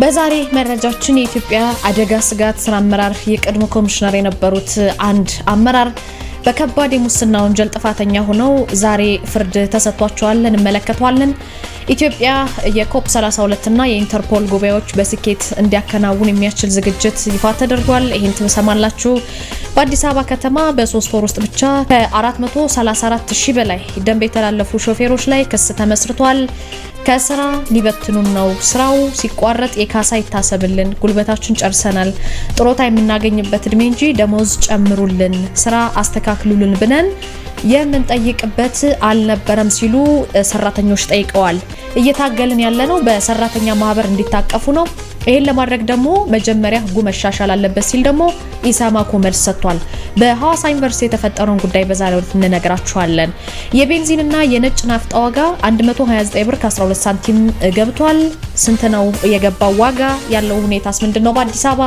በዛሬ መረጃችን የኢትዮጵያ አደጋ ስጋት ስራ አመራር የቀድሞ ኮሚሽነር የነበሩት አንድ አመራር በከባድ የሙስና ወንጀል ጥፋተኛ ሆነው ዛሬ ፍርድ ተሰጥቷቸዋል። እንመለከተዋለን። ኢትዮጵያ የኮፕ 32 እና የኢንተርፖል ጉባኤዎች በስኬት እንዲያከናውን የሚያስችል ዝግጅት ይፋ ተደርጓል። ይህን ትሰማላችሁ። በአዲስ አበባ ከተማ በሶስት ወር ውስጥ ብቻ ከ434 ሺህ በላይ ደንብ የተላለፉ ሾፌሮች ላይ ክስ ተመስርቷል። ከስራ ሊበትኑን ነው፣ ስራው ሲቋረጥ የካሳ ይታሰብልን፣ ጉልበታችን ጨርሰናል፣ ጥሮታ የምናገኝበት እድሜ እንጂ ደሞዝ ጨምሩልን፣ ስራ አስተካክሉልን ብነን የምንጠይቅበት አልነበረም ሲሉ ሰራተኞች ጠይቀዋል። እየታገልን ያለነው በሰራተኛ ማህበር እንዲታቀፉ ነው። ይህን ለማድረግ ደግሞ መጀመሪያ ህጉ መሻሻል አለበት ሲል ደግሞ ኢሰማኮ መልስ ሰጥቷል። በሐዋሳ ዩኒቨርሲቲ የተፈጠረውን ጉዳይ በዛሬው ዕለት እንነግራችኋለን። የቤንዚንና የነጭ ናፍጣ ዋጋ 129 ብር ከ12 ሳንቲም ገብቷል። ስንት ነው የገባው ዋጋ? ያለው ሁኔታስ ምንድን ነው? በአዲስ አበባ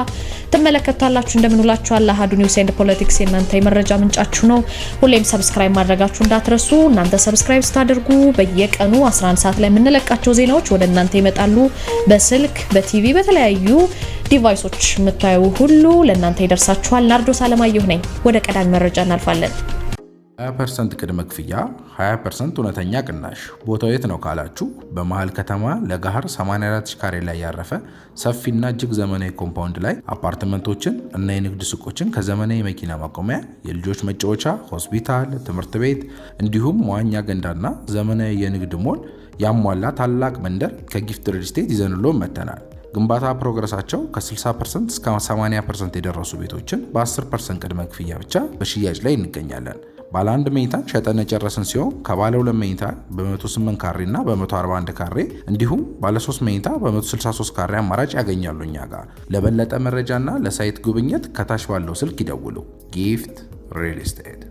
ትመለከቷላችሁ። እንደምንውላችኋል አሀዱ ኒውስ ኤንድ ፖለቲክስ የእናንተ የመረጃ ምንጫችሁ ነው። ሁሌም ሰብስክራይብ ማድረጋችሁ እንዳትረሱ። እናንተ ሰብስክራይብ ስታደርጉ በየቀኑ 11 ሰዓት ላይ የምንለቃቸው ዜናዎች ወደ እናንተ ይመጣሉ። በስልክ በቲቪ በተለያዩ ዲቫይሶች የምታዩ ሁሉ ለእናንተ ይደርሳችኋል። ናርዶስ አለማየሁ ነኝ። ወደ ቀዳሚ መረጃ እናልፋለን። 20% ቅድመ ክፍያ 20% እውነተኛ ቅናሽ። ቦታው የት ነው ካላችሁ በመሀል ከተማ ለጋህር 84 ካሬ ላይ ያረፈ ሰፊና እጅግ ዘመናዊ ኮምፓውንድ ላይ አፓርትመንቶችን እና የንግድ ሱቆችን ከዘመናዊ መኪና ማቆሚያ፣ የልጆች መጫወቻ፣ ሆስፒታል፣ ትምህርት ቤት እንዲሁም መዋኛ ገንዳና ዘመናዊ የንግድ ሞል ያሟላ ታላቅ መንደር ከጊፍት ሪል ስቴት ይዘንሎ መተናል። ግንባታ ፕሮግረሳቸው ከ60% እስከ 80% የደረሱ ቤቶችን በ10% ቅድመ ክፍያ ብቻ በሽያጭ ላይ እንገኛለን። ባለ አንድ መኝታን ሸጠን የጨረስን ሲሆን ከባለ ሁለት መኝታ በ108 ካሬ እና በ141 ካሬ እንዲሁም ባለ 3 መኝታ በ163 ካሬ አማራጭ ያገኛሉ እኛ ጋር። ለበለጠ መረጃና ለሳይት ጉብኝት ከታች ባለው ስልክ ይደውሉ። ጊፍት ሪል ስቴት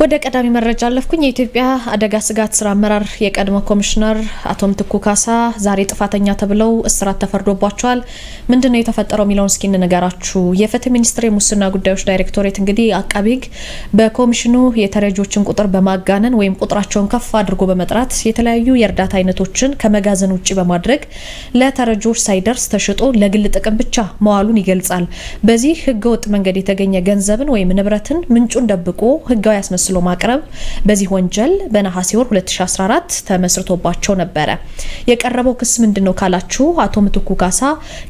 ወደ ቀዳሚ መረጃ አለፍኩኝ። የኢትዮጵያ አደጋ ስጋት ስራ አመራር የቀድሞ ኮሚሽነር አቶ ምትኩ ካሳ ዛሬ ጥፋተኛ ተብለው እስራት ተፈርዶባቸዋል። ምንድን ነው የተፈጠረው የሚለውን እስኪ እንነገራችሁ። የፍትህ ሚኒስቴር የሙስና ጉዳዮች ዳይሬክቶሬት እንግዲህ አቃቢ ህግ በኮሚሽኑ የተረጂዎችን ቁጥር በማጋነን ወይም ቁጥራቸውን ከፍ አድርጎ በመጥራት የተለያዩ የእርዳታ አይነቶችን ከመጋዘን ውጭ በማድረግ ለተረጂዎች ሳይደርስ ተሽጦ ለግል ጥቅም ብቻ መዋሉን ይገልጻል። በዚህ ህገወጥ መንገድ የተገኘ ገንዘብን ወይም ንብረትን ምንጩን ደብቆ ህጋዊ ያስመስ አስመስሎ ማቅረብ በዚህ ወንጀል በነሐሴ ወር 2014 ተመስርቶባቸው ነበረ። የቀረበው ክስ ምንድን ነው ካላችሁ አቶ ምትኩ ካሳ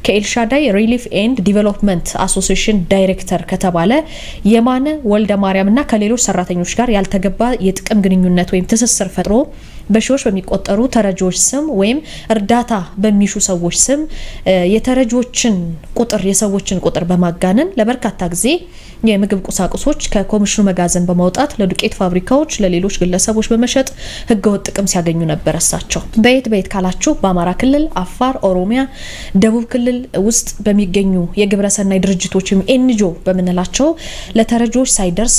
ከኤልሻዳይ ሪሊፍ ኤንድ ዲቨሎፕመንት አሶሲሽን ዳይሬክተር ከተባለ የማነ ወልደ ማርያምና ከሌሎች ሰራተኞች ጋር ያልተገባ የጥቅም ግንኙነት ወይም ትስስር ፈጥሮ በሺዎች በሚቆጠሩ ተረጂዎች ስም ወይም እርዳታ በሚሹ ሰዎች ስም የተረጂዎችን ቁጥር የሰዎችን ቁጥር በማጋነን ለበርካታ ጊዜ የምግብ ቁሳቁሶች ከኮሚሽኑ መጋዘን በማውጣት ለዱቄት ፋብሪካዎች፣ ለሌሎች ግለሰቦች በመሸጥ ህገወጥ ጥቅም ሲያገኙ ነበር። እሳቸው በየት በየት ካላችሁ በአማራ ክልል፣ አፋር፣ ኦሮሚያ፣ ደቡብ ክልል ውስጥ በሚገኙ የግብረሰናይ ድርጅቶች ወይም ኤንጂኦ በምንላቸው ለተረጂዎች ሳይደርስ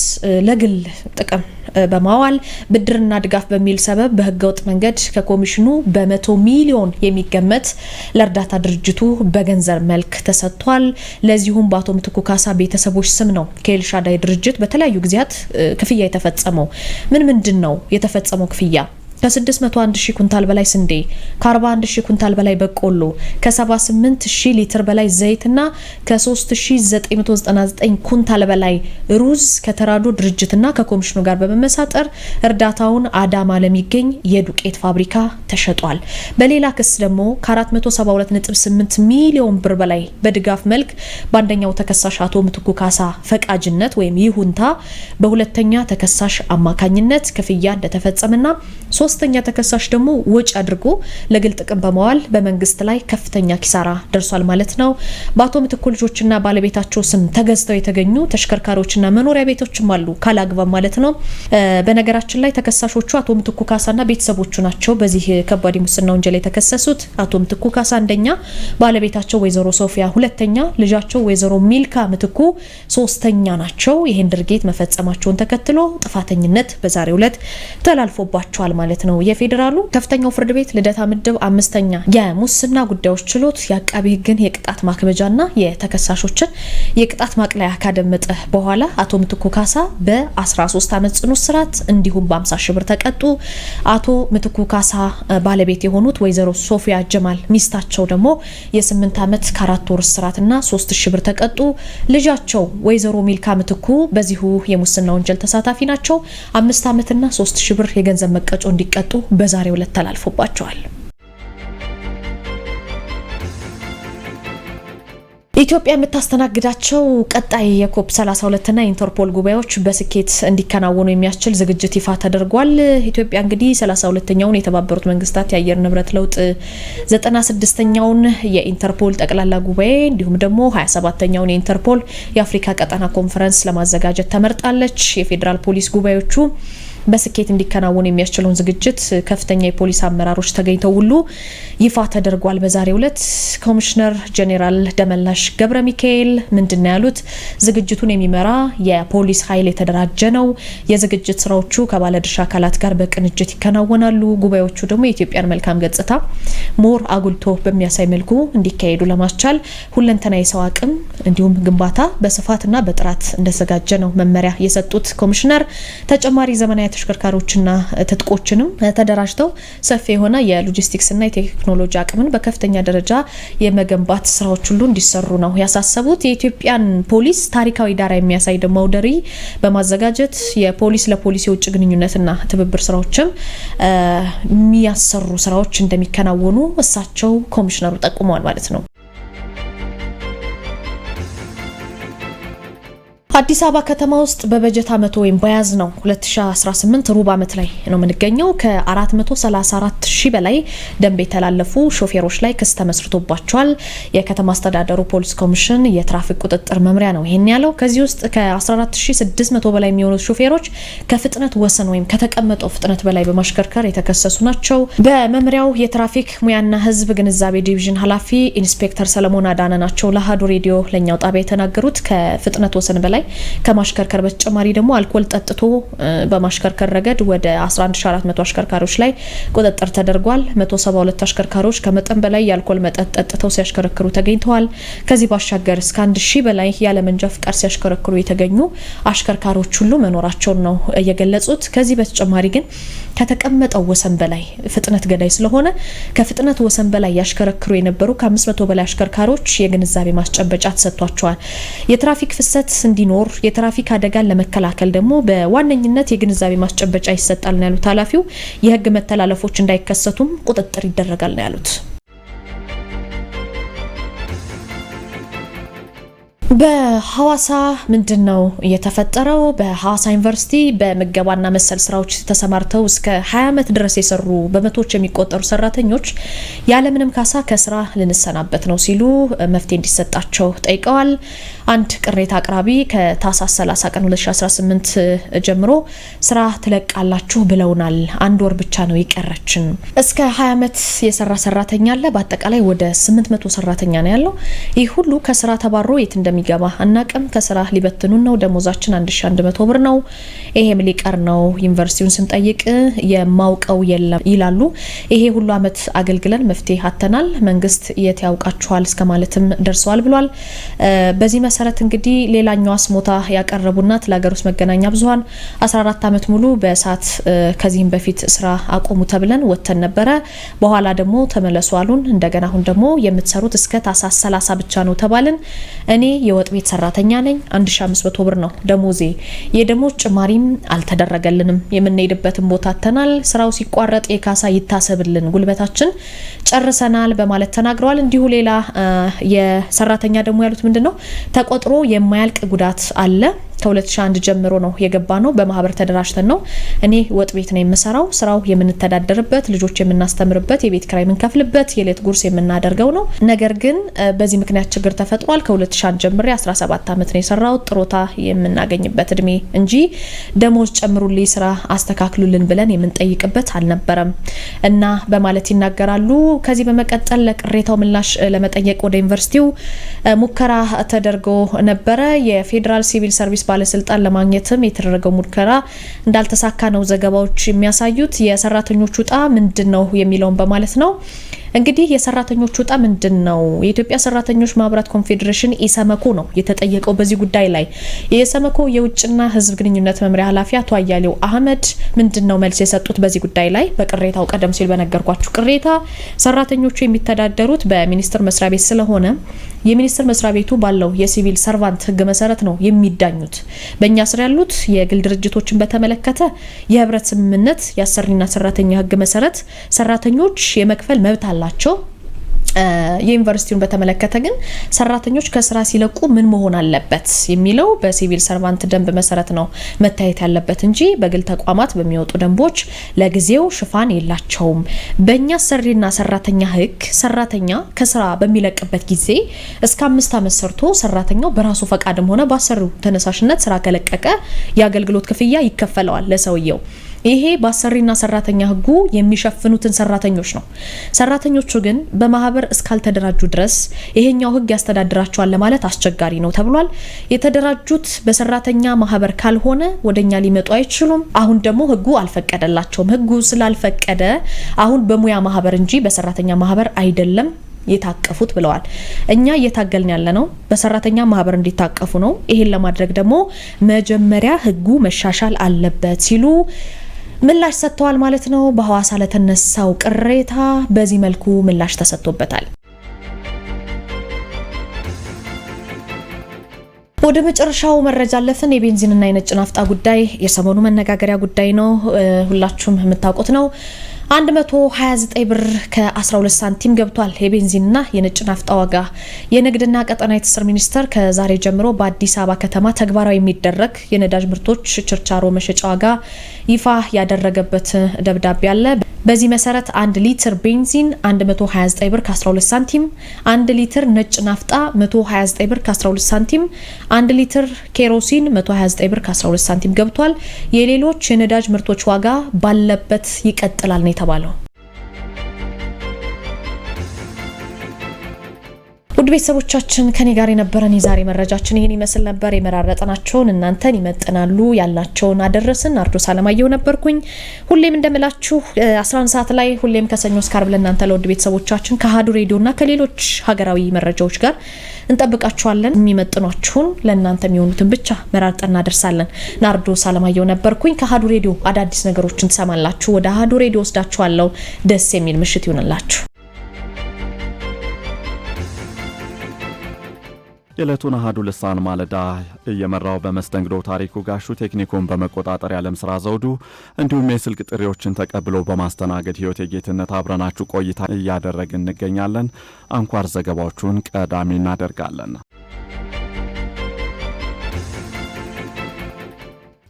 ለግል ጥቅም በማዋል ብድርና ድጋፍ በሚል ሰበብ በህገወጥ መንገድ ከኮሚሽኑ በመቶ ሚሊዮን የሚገመት ለእርዳታ ድርጅቱ በገንዘብ መልክ ተሰጥቷል። ለዚሁም በአቶ ምትኩ ካሳ ቤተሰቦች ስም ነው ከኤልሻዳይ ድርጅት በተለያዩ ጊዜያት ክፍያ የተፈጸመው። ምን ምንድን ነው የተፈጸመው ክፍያ? ከ601 ሺህ ኩንታል በላይ ስንዴ፣ ከ41 ሺህ ኩንታል በላይ በቆሎ፣ ከ78 ሺህ ሊትር በላይ ዘይትና ከ3999 ኩንታል በላይ ሩዝ ከተራዶ ድርጅትና ከኮሚሽኑ ጋር በመመሳጠር እርዳታውን አዳማ ለሚገኝ የዱቄት ፋብሪካ ተሸጧል። በሌላ ክስ ደግሞ ከ472.8 ሚሊዮን ብር በላይ በድጋፍ መልክ በአንደኛው ተከሳሽ አቶ ምትኩ ካሳ ፈቃጅነት ወይም ይሁንታ በሁለተኛ ተከሳሽ አማካኝነት ክፍያ እንደተፈጸመና ሶስተኛ ተከሳሽ ደግሞ ወጪ አድርጎ ለግል ጥቅም በመዋል በመንግስት ላይ ከፍተኛ ኪሳራ ደርሷል ማለት ነው። በአቶ ምትኩ ልጆችና ባለቤታቸው ስም ተገዝተው የተገኙ ተሽከርካሪዎችና መኖሪያ ቤቶችም አሉ ካላግባብ ማለት ነው። በነገራችን ላይ ተከሳሾቹ አቶ ምትኩ ካሳና ቤተሰቦቹ ናቸው። በዚህ ከባድ ሙስና ወንጀል የተከሰሱት አቶ ምትኩ ካሳ አንደኛ፣ ባለቤታቸው ወይዘሮ ሶፊያ ሁለተኛ፣ ልጃቸው ወይዘሮ ሚልካ ምትኩ ሶስተኛ ናቸው። ይህን ድርጊት መፈጸማቸውን ተከትሎ ጥፋተኝነት በዛሬው ዕለት ተላልፎባቸዋል ማለት ማለት ነው። የፌዴራሉ ከፍተኛው ፍርድ ቤት ልደታ ምድብ አምስተኛ የሙስና ጉዳዮች ችሎት የአቃቢ ህግን የቅጣት ማክበጃና የተከሳሾችን የቅጣት ማቅለያ ካደመጠ በኋላ አቶ ምትኩ ካሳ በ13 ዓመት ጽኑ እስራት እንዲሁም በ50 ሺህ ብር ተቀጡ። አቶ ምትኩ ካሳ ባለቤት የሆኑት ወይዘሮ ሶፊያ ጀማል ሚስታቸው ደግሞ የ8 ዓመት ከአራት ወር እስራትና ሶስት ሺህ ብር ተቀጡ። ልጃቸው ወይዘሮ ሚልካ ምትኩ በዚሁ የሙስና ወንጀል ተሳታፊ ናቸው። አምስት ዓመትና ሶስት ሺህ ብር የገንዘብ መቀጮ እንዲ እንዲቀጡ በዛሬው ዕለት ተላልፎባቸዋል። ኢትዮጵያ የምታስተናግዳቸው ቀጣይ የኮፕ 32ና የኢንተርፖል ጉባኤዎች በስኬት እንዲከናወኑ የሚያስችል ዝግጅት ይፋ ተደርጓል። ኢትዮጵያ እንግዲህ 32ኛውን የተባበሩት መንግስታት የአየር ንብረት ለውጥ 96ኛውን የኢንተርፖል ጠቅላላ ጉባኤ እንዲሁም ደግሞ 27ኛውን የኢንተርፖል የአፍሪካ ቀጠና ኮንፈረንስ ለማዘጋጀት ተመርጣለች። የፌዴራል ፖሊስ ጉባኤዎቹ በስኬት እንዲከናወን የሚያስችለውን ዝግጅት ከፍተኛ የፖሊስ አመራሮች ተገኝተው ሁሉ ይፋ ተደርጓል። በዛሬው ዕለት ኮሚሽነር ጄኔራል ደመላሽ ገብረ ሚካኤል ምንድን ነው ያሉት? ዝግጅቱን የሚመራ የፖሊስ ኃይል የተደራጀ ነው። የዝግጅት ስራዎቹ ከባለድርሻ አካላት ጋር በቅንጅት ይከናወናሉ። ጉባኤዎቹ ደግሞ የኢትዮጵያን መልካም ገጽታ ሞር አጉልቶ በሚያሳይ መልኩ እንዲካሄዱ ለማስቻል ሁለንተና የሰው አቅም እንዲሁም ግንባታ በስፋትና በጥራት እንደተዘጋጀ ነው መመሪያ የሰጡት ኮሚሽነር ተጨማሪ ዘመናዊ ተሽከርካሪዎችና ትጥቆችንም ተደራጅተው ሰፊ የሆነ የሎጂስቲክስና የቴክኖሎጂ አቅምን በከፍተኛ ደረጃ የመገንባት ስራዎች ሁሉ እንዲሰሩ ነው ያሳሰቡት። የኢትዮጵያን ፖሊስ ታሪካዊ ዳራ የሚያሳይ ደግሞ አውደ ርዕይ በማዘጋጀት የፖሊስ ለፖሊስ የውጭ ግንኙነትና ትብብር ስራዎችም የሚያሰሩ ስራዎች እንደሚከናወኑ እሳቸው ኮሚሽነሩ ጠቁመዋል ማለት ነው። አዲስ አበባ ከተማ ውስጥ በበጀት አመቱ ወይም ነው 2018 ሩብ ዓመት ላይ ነው የምንገኘው። ከ434 ሺህ በላይ ደንብ የተላለፉ ሾፌሮች ላይ ክስ ተመስርቶባቸዋል። የከተማ አስተዳደሩ ፖሊስ ኮሚሽን የትራፊክ ቁጥጥር መምሪያ ነው ይህን ያለው። ከዚህ ውስጥ ከ14600 በላይ የሚሆኑት ሾፌሮች ከፍጥነት ወሰን ወይም ከተቀመጠው ፍጥነት በላይ በማሽከርከር የተከሰሱ ናቸው። በመምሪያው የትራፊክ ሙያና ህዝብ ግንዛቤ ዲቪዥን ኃላፊ ኢንስፔክተር ሰለሞን አዳነ ናቸው ለአሀዱ ሬዲዮ ለእኛው ጣቢያ የተናገሩት ከፍጥነት ወሰን በላይ ላይ ከማሽከርከር በተጨማሪ ደግሞ አልኮል ጠጥቶ በማሽከርከር ረገድ ወደ 11400 አሽከርካሪዎች ላይ ቁጥጥር ተደርጓል። 172 አሽከርካሪዎች ከመጠን በላይ የአልኮል መጠጥ ጠጥተው ሲያሽከረክሩ ተገኝተዋል። ከዚህ ባሻገር እስከ 1000 በላይ ያለመንጃ ፍቃድ ሲያሽከረክሩ የተገኙ አሽከርካሪዎች ሁሉ መኖራቸውን ነው የገለጹት። ከዚህ በተጨማሪ ግን ከተቀመጠው ወሰን በላይ ፍጥነት ገዳይ ስለሆነ ከፍጥነት ወሰን በላይ ያሽከረክሩ የነበሩ ከ500 በላይ አሽከርካሪዎች የግንዛቤ ማስጨበጫ ተሰጥቷቸዋል። የትራፊክ ፍሰት እንዲ እንዳይኖር የትራፊክ አደጋን ለመከላከል ደግሞ በዋነኝነት የግንዛቤ ማስጨበጫ ይሰጣል ነው ያሉት ኃላፊው። የህግ መተላለፎች እንዳይከሰቱም ቁጥጥር ይደረጋል ነው ያሉት። በሐዋሳ ምንድን ነው የተፈጠረው? በሐዋሳ ዩኒቨርሲቲ በምገባና መሰል ስራዎች ተሰማርተው እስከ 20 ዓመት ድረስ የሰሩ በመቶዎች የሚቆጠሩ ሰራተኞች ያለምንም ካሳ ከስራ ልንሰናበት ነው ሲሉ መፍትሄ እንዲሰጣቸው ጠይቀዋል። አንድ ቅሬታ አቅራቢ ከታህሳስ 30 ቀን 2018 ጀምሮ ስራ ትለቃላችሁ ብለውናል። አንድ ወር ብቻ ነው ይቀረችን። እስከ 20 ዓመት የሰራ ሰራተኛ አለ። በአጠቃላይ ወደ 800 ሰራተኛ ነው ያለው። ይህ ሁሉ ከስራ ተባሮ የት እንደሚ እንደሚገባ አናቅም። ከስራ ሊበትኑን ነው። ደሞዛችን 1100 ብር ነው። ይሄም ሊቀር ነው። ዩኒቨርሲቲውን ስንጠይቅ የማውቀው የለም ይላሉ። ይሄ ሁሉ አመት አገልግለን መፍትሄ አተናል። መንግስት የት ያውቃችኋል እስከ ማለትም ደርሰዋል ብሏል። በዚህ መሰረት እንግዲህ ሌላኛው አስሞታ ያቀረቡናት ለሀገር ውስጥ መገናኛ ብዙሀን 14 ዓመት ሙሉ በእሳት ከዚህም በፊት ስራ አቆሙ ተብለን ወጥተን ነበረ። በኋላ ደግሞ ተመለሱ አሉን። እንደገና አሁን ደግሞ የምትሰሩት እስከ ታህሳስ 30 ብቻ ነው ተባልን። እኔ የወጥ ቤት ሰራተኛ ነኝ። 1500 ብር ነው ደሞዜ። የደሞዝ ጭማሪም አልተደረገልንም። የምንሄድበትን ቦታ ተናል። ስራው ሲቋረጥ የካሳ ይታሰብልን፣ ጉልበታችን ጨርሰናል በማለት ተናግረዋል። እንዲሁ ሌላ የሰራተኛ ደግሞ ያሉት ምንድን ነው ተቆጥሮ የማያልቅ ጉዳት አለ ከ2001 ጀምሮ ነው የገባ ነው። በማህበር ተደራጅተን ነው። እኔ ወጥ ቤት ነው የምሰራው። ስራው የምንተዳደርበት፣ ልጆች የምናስተምርበት፣ የቤት ክራይ የምንከፍልበት፣ የሌት ጉርስ የምናደርገው ነው። ነገር ግን በዚህ ምክንያት ችግር ተፈጥሯል። ከ2001 ጀምሬ 17 ዓመት ነው የሰራው። ጥሮታ የምናገኝበት እድሜ እንጂ ደሞዝ ጨምሩልኝ፣ ስራ አስተካክሉልን ብለን የምንጠይቅበት አልነበረም እና በማለት ይናገራሉ። ከዚህ በመቀጠል ለቅሬታው ምላሽ ለመጠየቅ ወደ ዩኒቨርሲቲው ሙከራ ተደርጎ ነበረ። የፌዴራል ሲቪል ሰርቪስ ባለስልጣን ለማግኘትም የተደረገው ሙከራ እንዳልተሳካ ነው ዘገባዎች የሚያሳዩት። የሰራተኞቹ ዕጣ ምንድን ነው የሚለውን በማለት ነው እንግዲህ የሰራተኞቹ ውጣ ምንድን ነው? የኢትዮጵያ ሰራተኞች ማህበራት ኮንፌዴሬሽን ኢሰመኮ ነው የተጠየቀው በዚህ ጉዳይ ላይ። የኢሰመኮ የውጭና ህዝብ ግንኙነት መምሪያ ኃላፊ አቶ አያሌው አህመድ ምንድን ነው መልስ የሰጡት በዚህ ጉዳይ ላይ? በቅሬታው ቀደም ሲል በነገርኳችሁ ቅሬታ ሰራተኞቹ የሚተዳደሩት በሚኒስቴር መስሪያ ቤት ስለሆነ የሚኒስቴር መስሪያ ቤቱ ባለው የሲቪል ሰርቫንት ህግ መሰረት ነው የሚዳኙት። በእኛ ስር ያሉት የግል ድርጅቶችን በተመለከተ የህብረት ስምምነት የአሰሪና ሰራተኛ ህግ መሰረት ሰራተኞች የመክፈል መብት አለ አላቸው። የዩኒቨርሲቲውን በተመለከተ ግን ሰራተኞች ከስራ ሲለቁ ምን መሆን አለበት የሚለው በሲቪል ሰርቫንት ደንብ መሰረት ነው መታየት ያለበት እንጂ በግል ተቋማት በሚወጡ ደንቦች ለጊዜው ሽፋን የላቸውም። በእኛ ሰሪና ሰራተኛ ህግ ሰራተኛ ከስራ በሚለቅበት ጊዜ እስከ አምስት ዓመት ሰርቶ ሰራተኛው በራሱ ፈቃድም ሆነ በአሰሪው ተነሳሽነት ስራ ከለቀቀ የአገልግሎት ክፍያ ይከፈለዋል ለሰውየው ይሄ በአሰሪና ሰራተኛ ህጉ የሚሸፍኑትን ሰራተኞች ነው። ሰራተኞቹ ግን በማህበር እስካልተደራጁ ድረስ ይሄኛው ህግ ያስተዳድራቸዋል ለማለት አስቸጋሪ ነው ተብሏል። የተደራጁት በሰራተኛ ማህበር ካልሆነ ወደኛ ሊመጡ አይችሉም። አሁን ደግሞ ህጉ አልፈቀደላቸውም። ህጉ ስላልፈቀደ አሁን በሙያ ማህበር እንጂ በሰራተኛ ማህበር አይደለም የታቀፉት ብለዋል። እኛ እየታገልን ያለ ነው በሰራተኛ ማህበር እንዲታቀፉ ነው። ይሄን ለማድረግ ደግሞ መጀመሪያ ህጉ መሻሻል አለበት ሲሉ ምላሽ ሰጥተዋል ማለት ነው። በሐዋሳ ለተነሳው ቅሬታ በዚህ መልኩ ምላሽ ተሰጥቶበታል። ወደ መጨረሻው መረጃ አለፍን። የቤንዚንና የነጭ ናፍጣ ጉዳይ የሰሞኑ መነጋገሪያ ጉዳይ ነው። ሁላችሁም የምታውቁት ነው። 129 ብር ከ12 ሳንቲም ገብቷል። የቤንዚንና የነጭ ናፍጣ ዋጋ። የንግድና ቀጠናዊ ትስስር ሚኒስቴር ከዛሬ ጀምሮ በአዲስ አበባ ከተማ ተግባራዊ የሚደረግ የነዳጅ ምርቶች ችርቻሮ መሸጫ ዋጋ ይፋ ያደረገበት ደብዳቤ አለ። በዚህ መሰረት 1 ሊትር ቤንዚን 129 ብር ከ12 ሳንቲም፣ 1 ሊትር ነጭ ናፍጣ 129 ብር ከ12 ሳንቲም፣ 1 ሊትር ኬሮሲን 129 ብር ከ12 ሳንቲም ገብቷል። የሌሎች የነዳጅ ምርቶች ዋጋ ባለበት ይቀጥላል ነው የተባለው። ውድ ቤተሰቦቻችን ከኔ ጋር የነበረን የዛሬ መረጃችን ይህን ይመስል ነበር። የመራረጥናቸውን እናንተን ይመጥናሉ ያላቸውን አደረስን። አርዶስ አለማየሁ ነበርኩኝ። ሁሌም እንደምላችሁ 11 ሰዓት ላይ ሁሌም ከሰኞ እስከ አርብ ለእናንተ ለውድ ቤተሰቦቻችን ከአሀዱ ሬዲዮና ከሌሎች ሀገራዊ መረጃዎች ጋር እንጠብቃችኋለን። የሚመጥኗችሁን ለእናንተ የሚሆኑትን ብቻ መራርጠን እናደርሳለን። ናርዶስ አለማየሁ ነበርኩኝ። ከአሀዱ ሬዲዮ አዳዲስ ነገሮችን ትሰማላችሁ። ወደ አሀዱ ሬዲዮ ወስዳችኋለሁ። ደስ የሚል ምሽት ይሆንላችሁ። የዕለቱን አህዱ ልሳን ማለዳ እየመራው በመስተንግዶ ታሪኩ ጋሹ፣ ቴክኒኩን በመቆጣጠር ያለም ስራ ዘውዱ፣ እንዲሁም የስልክ ጥሪዎችን ተቀብሎ በማስተናገድ ህይወት የጌትነት አብረናችሁ ቆይታ እያደረግን እንገኛለን። አንኳር ዘገባዎቹን ቀዳሚ እናደርጋለን።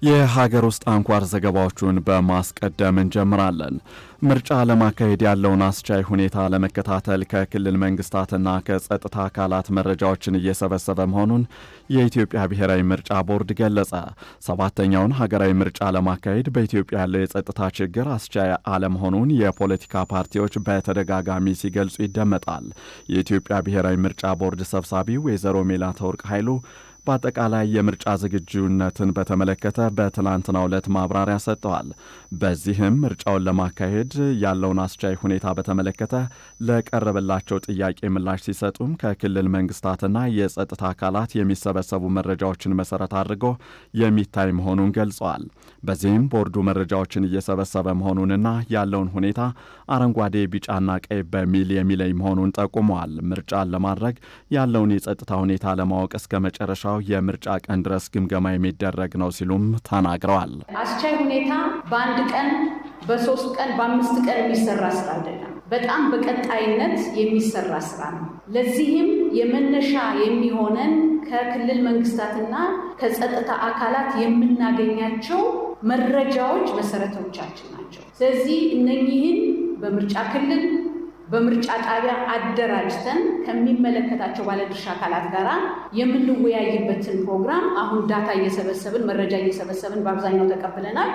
የሀገር ውስጥ አንኳር ዘገባዎቹን በማስቀደም እንጀምራለን። ምርጫ ለማካሄድ ያለውን አስቻይ ሁኔታ ለመከታተል ከክልል መንግስታትና ከጸጥታ አካላት መረጃዎችን እየሰበሰበ መሆኑን የኢትዮጵያ ብሔራዊ ምርጫ ቦርድ ገለጸ። ሰባተኛውን ሀገራዊ ምርጫ ለማካሄድ በኢትዮጵያ ያለው የጸጥታ ችግር አስቻይ አለመሆኑን የፖለቲካ ፓርቲዎች በተደጋጋሚ ሲገልጹ ይደመጣል። የኢትዮጵያ ብሔራዊ ምርጫ ቦርድ ሰብሳቢ ወይዘሮ ሜላተወርቅ ኃይሉ በአጠቃላይ የምርጫ ዝግጁነትን በተመለከተ በትናንትናው ዕለት ማብራሪያ ሰጥተዋል። በዚህም ምርጫውን ለማካሄድ ያለውን አስቻይ ሁኔታ በተመለከተ ለቀረበላቸው ጥያቄ ምላሽ ሲሰጡም ከክልል መንግስታትና የጸጥታ አካላት የሚሰበሰቡ መረጃዎችን መሰረት አድርጎ የሚታይ መሆኑን ገልጸዋል። በዚህም ቦርዱ መረጃዎችን እየሰበሰበ መሆኑንና ያለውን ሁኔታ አረንጓዴ፣ ቢጫና ቀይ በሚል የሚለይ መሆኑን ጠቁመዋል። ምርጫን ለማድረግ ያለውን የጸጥታ ሁኔታ ለማወቅ እስከ መጨረሻው የምርጫ ቀን ድረስ ግምገማ የሚደረግ ነው ሲሉም ተናግረዋል። አስቻይ ሁኔታ በአንድ ቀን በሶስት ቀን በአምስት ቀን የሚሰራ ስራ አይደለም። በጣም በቀጣይነት የሚሰራ ስራ ነው። ለዚህም የመነሻ የሚሆነን ከክልል መንግስታትና ከጸጥታ አካላት የምናገኛቸው መረጃዎች መሰረቶቻችን ናቸው። ስለዚህ እነኚህን በምርጫ ክልል በምርጫ ጣቢያ አደራጅተን ከሚመለከታቸው ባለድርሻ አካላት ጋር የምንወያይበትን ፕሮግራም አሁን ዳታ እየሰበሰብን መረጃ እየሰበሰብን በአብዛኛው ተቀብለናል።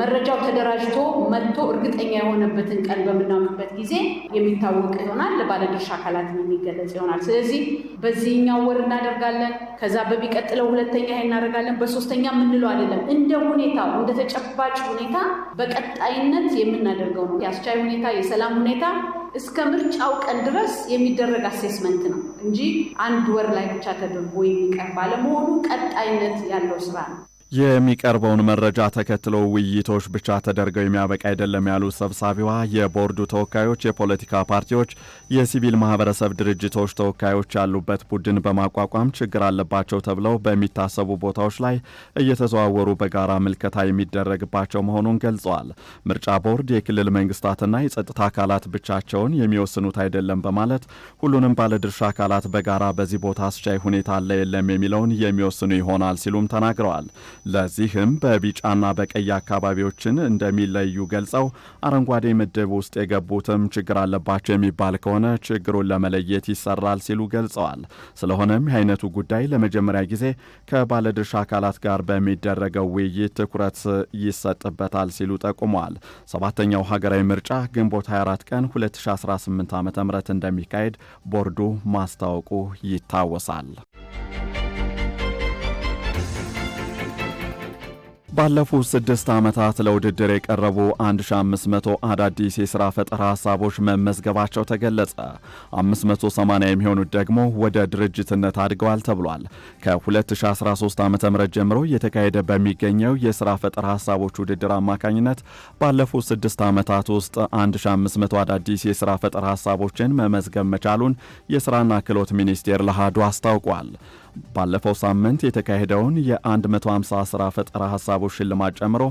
መረጃው ተደራጅቶ መጥቶ እርግጠኛ የሆነበትን ቀን በምናምንበት ጊዜ የሚታወቅ ይሆናል። ለባለድርሻ አካላት የሚገለጽ ይሆናል። ስለዚህ በዚህኛው ወር እናደርጋለን፣ ከዛ በሚቀጥለው ሁለተኛ ይሄ እናደርጋለን፣ በሶስተኛ የምንለው አይደለም። እንደ ሁኔታው እንደ ተጨባጭ ሁኔታ በቀጣይነት የምናደርገው ነው። የአስቻይ ሁኔታ፣ የሰላም ሁኔታ እስከ ምርጫው ቀን ድረስ የሚደረግ አሴስመንት ነው እንጂ አንድ ወር ላይ ብቻ ተደርጎ የሚቀር ባለመሆኑ ቀጣይነት ያለው ስራ ነው። የሚቀርበውን መረጃ ተከትሎ ውይይቶች ብቻ ተደርገው የሚያበቃ አይደለም ያሉት ሰብሳቢዋ የቦርዱ ተወካዮች የፖለቲካ ፓርቲዎች፣ የሲቪል ማህበረሰብ ድርጅቶች ተወካዮች ያሉበት ቡድን በማቋቋም ችግር አለባቸው ተብለው በሚታሰቡ ቦታዎች ላይ እየተዘዋወሩ በጋራ ምልከታ የሚደረግባቸው መሆኑን ገልጸዋል። ምርጫ ቦርድ የክልል መንግስታትና የጸጥታ አካላት ብቻቸውን የሚወስኑት አይደለም በማለት ሁሉንም ባለድርሻ አካላት በጋራ በዚህ ቦታ አስቻይ ሁኔታ አለ የለም የሚለውን የሚወስኑ ይሆናል ሲሉም ተናግረዋል። ለዚህም በቢጫና በቀይ አካባቢዎችን እንደሚለዩ ገልጸው አረንጓዴ ምድብ ውስጥ የገቡትም ችግር አለባቸው የሚባል ከሆነ ችግሩን ለመለየት ይሰራል ሲሉ ገልጸዋል። ስለሆነም የአይነቱ ጉዳይ ለመጀመሪያ ጊዜ ከባለድርሻ አካላት ጋር በሚደረገው ውይይት ትኩረት ይሰጥበታል ሲሉ ጠቁመዋል። ሰባተኛው ሀገራዊ ምርጫ ግንቦት 24 ቀን 2018 ዓ ም እንደሚካሄድ ቦርዱ ማስታወቁ ይታወሳል። ባለፉት ስድስት ዓመታት ለውድድር የቀረቡ 1500 አዳዲስ የሥራ ፈጠራ ሐሳቦች መመዝገባቸው ተገለጸ። 580 የሚሆኑት ደግሞ ወደ ድርጅትነት አድገዋል ተብሏል። ከ2013 ዓ ም ጀምሮ እየተካሄደ በሚገኘው የሥራ ፈጠራ ሐሳቦች ውድድር አማካኝነት ባለፉት ስድስት ዓመታት ውስጥ 1500 አዳዲስ የሥራ ፈጠራ ሐሳቦችን መመዝገብ መቻሉን የሥራና ክህሎት ሚኒስቴር ለአሐዱ አስታውቋል። ባለፈው ሳምንት የተካሄደውን የ150 ስራ ፈጠራ ሀሳቦች ሽልማት ጨምሮ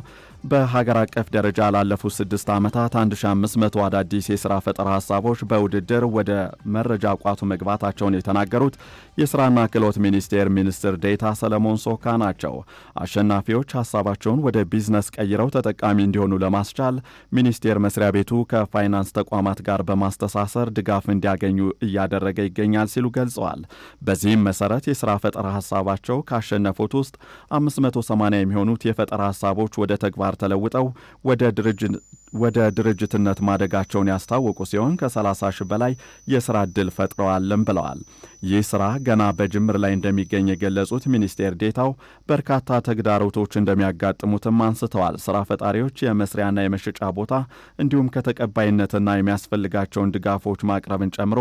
በሀገር አቀፍ ደረጃ ላለፉት ስድስት ዓመታት 1500 አዳዲስ የሥራ ፈጠራ ሀሳቦች በውድድር ወደ መረጃ ቋቱ መግባታቸውን የተናገሩት የሥራና ክህሎት ሚኒስቴር ሚኒስትር ዴታ ሰለሞን ሶካ ናቸው። አሸናፊዎች ሀሳባቸውን ወደ ቢዝነስ ቀይረው ተጠቃሚ እንዲሆኑ ለማስቻል ሚኒስቴር መስሪያ ቤቱ ከፋይናንስ ተቋማት ጋር በማስተሳሰር ድጋፍ እንዲያገኙ እያደረገ ይገኛል ሲሉ ገልጸዋል። በዚህም መሰረት የሥራ ፈጠራ ሀሳባቸው ካሸነፉት ውስጥ 580 የሚሆኑት የፈጠራ ሀሳቦች ወደ ተግባር ዶላር ተለውጠው ወደ ድርጅት ወደ ድርጅትነት ማደጋቸውን ያስታወቁ ሲሆን ከ30 ሺህ በላይ የስራ ዕድል ፈጥረዋልም ብለዋል። ይህ ስራ ገና በጅምር ላይ እንደሚገኝ የገለጹት ሚኒስቴር ዴታው በርካታ ተግዳሮቶች እንደሚያጋጥሙትም አንስተዋል። ስራ ፈጣሪዎች የመስሪያና የመሸጫ ቦታ እንዲሁም ከተቀባይነትና የሚያስፈልጋቸውን ድጋፎች ማቅረብን ጨምሮ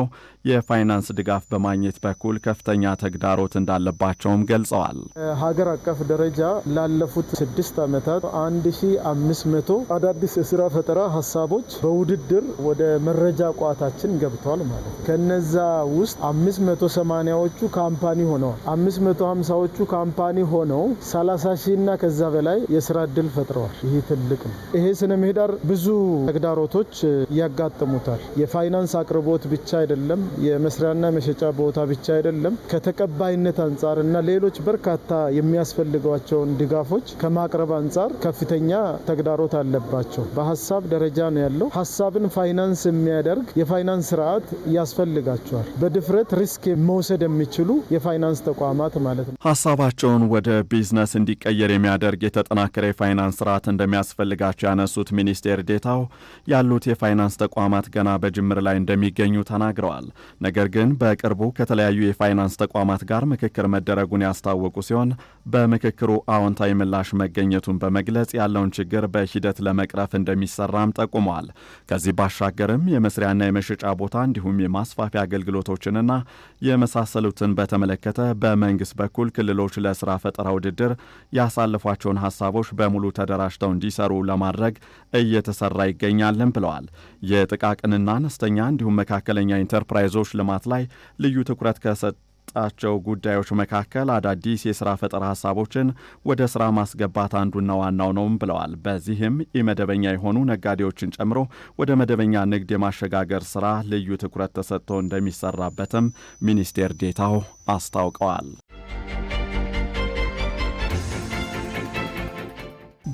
የፋይናንስ ድጋፍ በማግኘት በኩል ከፍተኛ ተግዳሮት እንዳለባቸውም ገልጸዋል። ሀገር አቀፍ ደረጃ ላለፉት ስድስት ዓመታት 1500 አዳዲስ የስራ የፈጠራ ሀሳቦች በውድድር ወደ መረጃ ቋታችን ገብተዋል ማለት ነው። ከነዛ ውስጥ 580ዎቹ ካምፓኒ ሆነዋል። 550ዎቹ ካምፓኒ ሆነው 30 እና ከዛ በላይ የስራ እድል ፈጥረዋል። ይህ ትልቅ ነው። ይሄ ስነ ምህዳር ብዙ ተግዳሮቶች ያጋጥሙታል። የፋይናንስ አቅርቦት ብቻ አይደለም፣ የመስሪያና መሸጫ ቦታ ብቻ አይደለም። ከተቀባይነት አንጻር እና ሌሎች በርካታ የሚያስፈልጓቸውን ድጋፎች ከማቅረብ አንጻር ከፍተኛ ተግዳሮት አለባቸው። ሀሳብ ደረጃ ነው ያለው። ሀሳብን ፋይናንስ የሚያደርግ የፋይናንስ ስርዓት ያስፈልጋቸዋል። በድፍረት ሪስክ መውሰድ የሚችሉ የፋይናንስ ተቋማት ማለት ነው። ሀሳባቸውን ወደ ቢዝነስ እንዲቀየር የሚያደርግ የተጠናከረ የፋይናንስ ስርዓት እንደሚያስፈልጋቸው ያነሱት ሚኒስቴር ዴታው ያሉት የፋይናንስ ተቋማት ገና በጅምር ላይ እንደሚገኙ ተናግረዋል። ነገር ግን በቅርቡ ከተለያዩ የፋይናንስ ተቋማት ጋር ምክክር መደረጉን ያስታወቁ ሲሆን በምክክሩ አዎንታዊ ምላሽ መገኘቱን በመግለጽ ያለውን ችግር በሂደት ለመቅረፍ እንደሚሳ እንደሚሰራም ጠቁመዋል። ከዚህ ባሻገርም የመስሪያና የመሸጫ ቦታ እንዲሁም የማስፋፊያ አገልግሎቶችንና የመሳሰሉትን በተመለከተ በመንግስት በኩል ክልሎች ለስራ ፈጠራ ውድድር ያሳለፏቸውን ሀሳቦች በሙሉ ተደራጅተው እንዲሰሩ ለማድረግ እየተሰራ ይገኛልን ብለዋል። የጥቃቅንና አነስተኛ እንዲሁም መካከለኛ ኢንተርፕራይዞች ልማት ላይ ልዩ ትኩረት ከሰጥ ከሚያስጣቸው ጉዳዮች መካከል አዳዲስ የስራ ፈጠራ ሀሳቦችን ወደ ስራ ማስገባት አንዱና ዋናው ነውም ብለዋል። በዚህም የመደበኛ የሆኑ ነጋዴዎችን ጨምሮ ወደ መደበኛ ንግድ የማሸጋገር ስራ ልዩ ትኩረት ተሰጥቶ እንደሚሰራበትም ሚኒስቴር ዴታው አስታውቀዋል።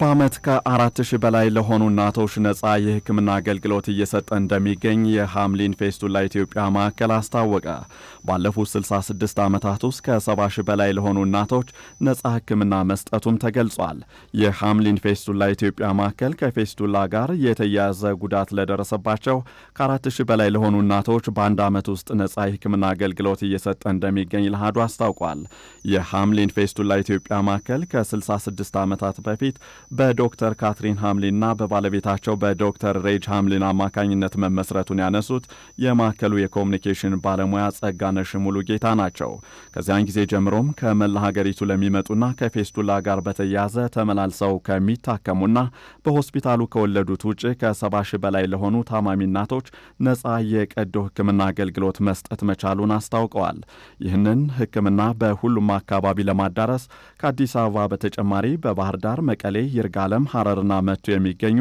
በዓመት ከአራት ሺህ በላይ ለሆኑ እናቶች ነጻ የሕክምና አገልግሎት እየሰጠ እንደሚገኝ የሐምሊን ፌስቱላ ኢትዮጵያ ማዕከል አስታወቀ። ባለፉት 66 ዓመታት ውስጥ ከ70 ሺህ በላይ ለሆኑ እናቶች ነጻ ሕክምና መስጠቱም ተገልጿል። የሃምሊን ፌስቱላ ኢትዮጵያ ማዕከል ከፌስቱላ ጋር የተያያዘ ጉዳት ለደረሰባቸው ከ4 ሺህ በላይ ለሆኑ እናቶች በአንድ ዓመት ውስጥ ነጻ የሕክምና አገልግሎት እየሰጠ እንደሚገኝ ለአሐዱ አስታውቋል። የሐምሊን ፌስቱላ ኢትዮጵያ ማዕከል ከ66 ዓመታት በፊት በዶክተር ካትሪን ሃምሊንና በባለቤታቸው በዶክተር ሬጅ ሐምሊን አማካኝነት መመስረቱን ያነሱት የማዕከሉ የኮሚኒኬሽን ባለሙያ ጸጋ ሙሉ ጌታ ናቸው። ከዚያን ጊዜ ጀምሮም ከመላ ሀገሪቱ ለሚመጡና ከፌስቱላ ጋር በተያያዘ ተመላልሰው ከሚታከሙና በሆስፒታሉ ከወለዱት ውጭ ከሰባ ሺህ በላይ ለሆኑ ታማሚ እናቶች ነጻ የቀዶ ሕክምና አገልግሎት መስጠት መቻሉን አስታውቀዋል። ይህንን ሕክምና በሁሉም አካባቢ ለማዳረስ ከአዲስ አበባ በተጨማሪ በባህር ዳር፣ መቀሌ፣ ይርጋለም፣ ሐረርና መቱ የሚገኙ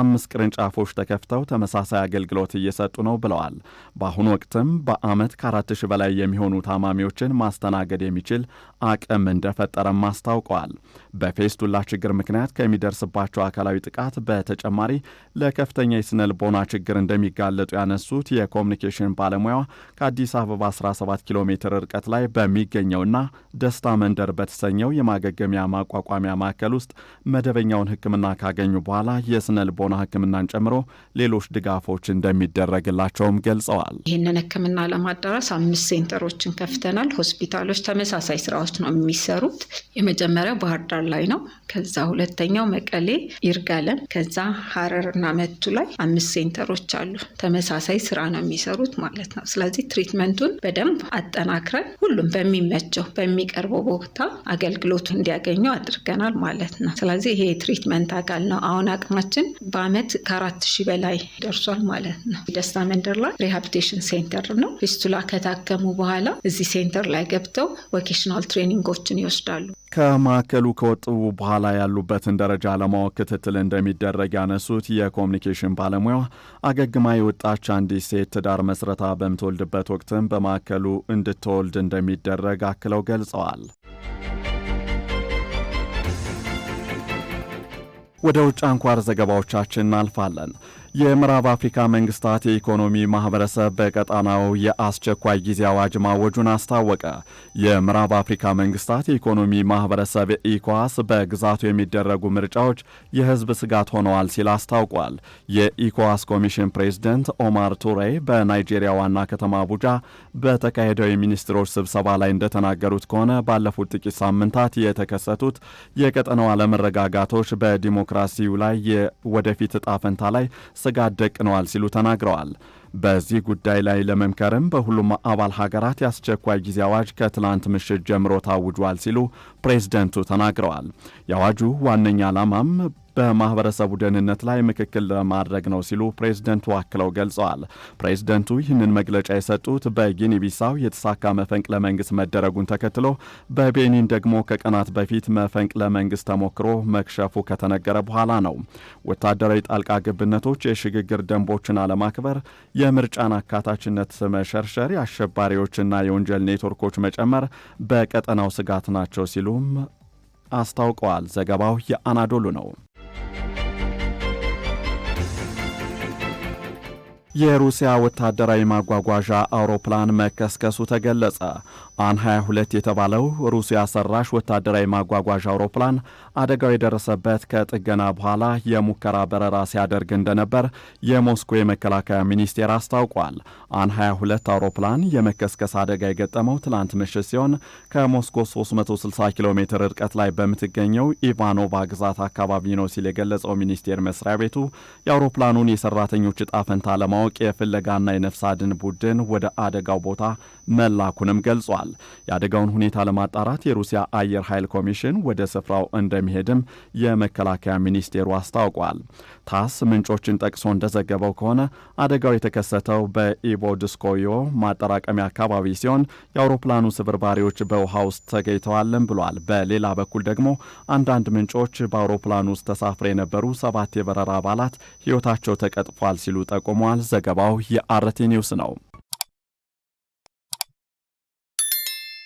አምስት ቅርንጫፎች ተከፍተው ተመሳሳይ አገልግሎት እየሰጡ ነው ብለዋል። በአሁኑ ወቅትም በዓመት ከአራት ሺህ በላይ የሚሆኑ ታማሚዎችን ማስተናገድ የሚችል አቅም እንደፈጠረም አስታውቀዋል። በፌስቱላ ችግር ምክንያት ከሚደርስባቸው አካላዊ ጥቃት በተጨማሪ ለከፍተኛ የስነ ልቦና ችግር እንደሚጋለጡ ያነሱት የኮሚኒኬሽን ባለሙያዋ ከአዲስ አበባ 17 ኪሎ ሜትር ርቀት ላይ በሚገኘውና ደስታ መንደር በተሰኘው የማገገሚያ ማቋቋሚያ ማዕከል ውስጥ መደበኛውን ሕክምና ካገኙ በኋላ የስነ ልቦና ሕክምናን ጨምሮ ሌሎች ድጋፎች እንደሚደረግላቸውም ገልጸዋል። ይህንን ሕክምና ለማዳረስ አምስት ሴንተሮችን ከፍተናል። ሆስፒታሎች ተመሳሳይ ስራዎች ነው የሚሰሩት። የመጀመሪያው ባህር ዳር ላይ ነው። ከዛ ሁለተኛው መቀሌ ይርጋለም፣ ከዛ ሀረር እና መቱ ላይ አምስት ሴንተሮች አሉ። ተመሳሳይ ስራ ነው የሚሰሩት ማለት ነው። ስለዚህ ትሪትመንቱን በደንብ አጠናክረን ሁሉም በሚመቸው በሚቀርበው ቦታ አገልግሎቱ እንዲያገኘው አድርገናል ማለት ነው። ስለዚህ ይሄ የትሪትመንት አካል ነው። አሁን አቅማችን በአመት ከአራት ሺህ በላይ ደርሷል ማለት ነው። ደስታ መንደር ላይ ሪሃብቴሽን ሴንተር ነው ፊስቱላ ከታ ከታከሙ በኋላ እዚህ ሴንተር ላይ ገብተው ቮኬሽናል ትሬኒንጎችን ይወስዳሉ። ከማዕከሉ ከወጡ በኋላ ያሉበትን ደረጃ ለማወቅ ክትትል እንደሚደረግ ያነሱት የኮሚኒኬሽን ባለሙያ አገግማ የወጣች አንዲት ሴት ትዳር መስረታ በምትወልድበት ወቅትም በማዕከሉ እንድትወልድ እንደሚደረግ አክለው ገልጸዋል። ወደ ውጭ አንኳር ዘገባዎቻችን እናልፋለን። የምዕራብ አፍሪካ መንግስታት የኢኮኖሚ ማህበረሰብ በቀጣናው የአስቸኳይ ጊዜ አዋጅ ማወጁን አስታወቀ። የምዕራብ አፍሪካ መንግስታት የኢኮኖሚ ማህበረሰብ ኢኳስ በግዛቱ የሚደረጉ ምርጫዎች የህዝብ ስጋት ሆነዋል ሲል አስታውቋል። የኢኳስ ኮሚሽን ፕሬዝደንት ኦማር ቱሬ በናይጄሪያ ዋና ከተማ አቡጃ በተካሄደው የሚኒስትሮች ስብሰባ ላይ እንደተናገሩት ከሆነ ባለፉት ጥቂት ሳምንታት የተከሰቱት የቀጠናው አለመረጋጋቶች በዲሞክራሲው ላይ የወደፊት እጣ ፈንታ ላይ ስጋ ደቅነዋል ሲሉ ተናግረዋል። በዚህ ጉዳይ ላይ ለመምከርም በሁሉም አባል ሀገራት የአስቸኳይ ጊዜ አዋጅ ከትላንት ምሽት ጀምሮ ታውጇል ሲሉ ፕሬዝደንቱ ተናግረዋል። የአዋጁ ዋነኛ ዓላማም በማህበረሰቡ ደህንነት ላይ ምክክል ለማድረግ ነው ሲሉ ፕሬዝደንቱ አክለው ገልጸዋል። ፕሬዝደንቱ ይህንን መግለጫ የሰጡት በጊኒ ቢሳው የተሳካ መፈንቅለ መንግስት መደረጉን ተከትሎ በቤኒን ደግሞ ከቀናት በፊት መፈንቅለ መንግስት ተሞክሮ መክሸፉ ከተነገረ በኋላ ነው። ወታደራዊ ጣልቃ ግብነቶች የሽግግር ደንቦችን አለማክበር፣ የምርጫን አካታችነት መሸርሸር፣ የአሸባሪዎችና የወንጀል ኔትወርኮች መጨመር በቀጠናው ስጋት ናቸው ሲሉም አስታውቀዋል። ዘገባው የአናዶሉ ነው። የሩሲያ ወታደራዊ ማጓጓዣ አውሮፕላን መከስከሱ ተገለጸ። አን 22 የተባለው ሩሲያ ሰራሽ ወታደራዊ ማጓጓዣ አውሮፕላን አደጋው የደረሰበት ከጥገና በኋላ የሙከራ በረራ ሲያደርግ እንደነበር የሞስኮ የመከላከያ ሚኒስቴር አስታውቋል። አን 22 አውሮፕላን የመከስከስ አደጋ የገጠመው ትላንት ምሽት ሲሆን ከሞስኮ 360 ኪሎ ሜትር ርቀት ላይ በምትገኘው ኢቫኖቫ ግዛት አካባቢ ነው ሲል የገለጸው ሚኒስቴር መስሪያ ቤቱ የአውሮፕላኑን የሰራተኞች እጣ ፈንታ ለማወቅ የፍለጋና የነፍስ አድን ቡድን ወደ አደጋው ቦታ መላኩንም ገልጿል። የአደጋውን ሁኔታ ለማጣራት የሩሲያ አየር ኃይል ኮሚሽን ወደ ስፍራው እንደሚሄድም የመከላከያ ሚኒስቴሩ አስታውቋል። ታስ ምንጮችን ጠቅሶ እንደዘገበው ከሆነ አደጋው የተከሰተው በኢቦድስኮዮ ማጠራቀሚያ አካባቢ ሲሆን የአውሮፕላኑ ስብርባሪዎች በውሃ ውስጥ ተገኝተዋልም ብሏል። በሌላ በኩል ደግሞ አንዳንድ ምንጮች በአውሮፕላኑ ውስጥ ተሳፍረው የነበሩ ሰባት የበረራ አባላት ሕይወታቸው ተቀጥፏል ሲሉ ጠቁመዋል። ዘገባው የአርቲ ኒውስ ነው።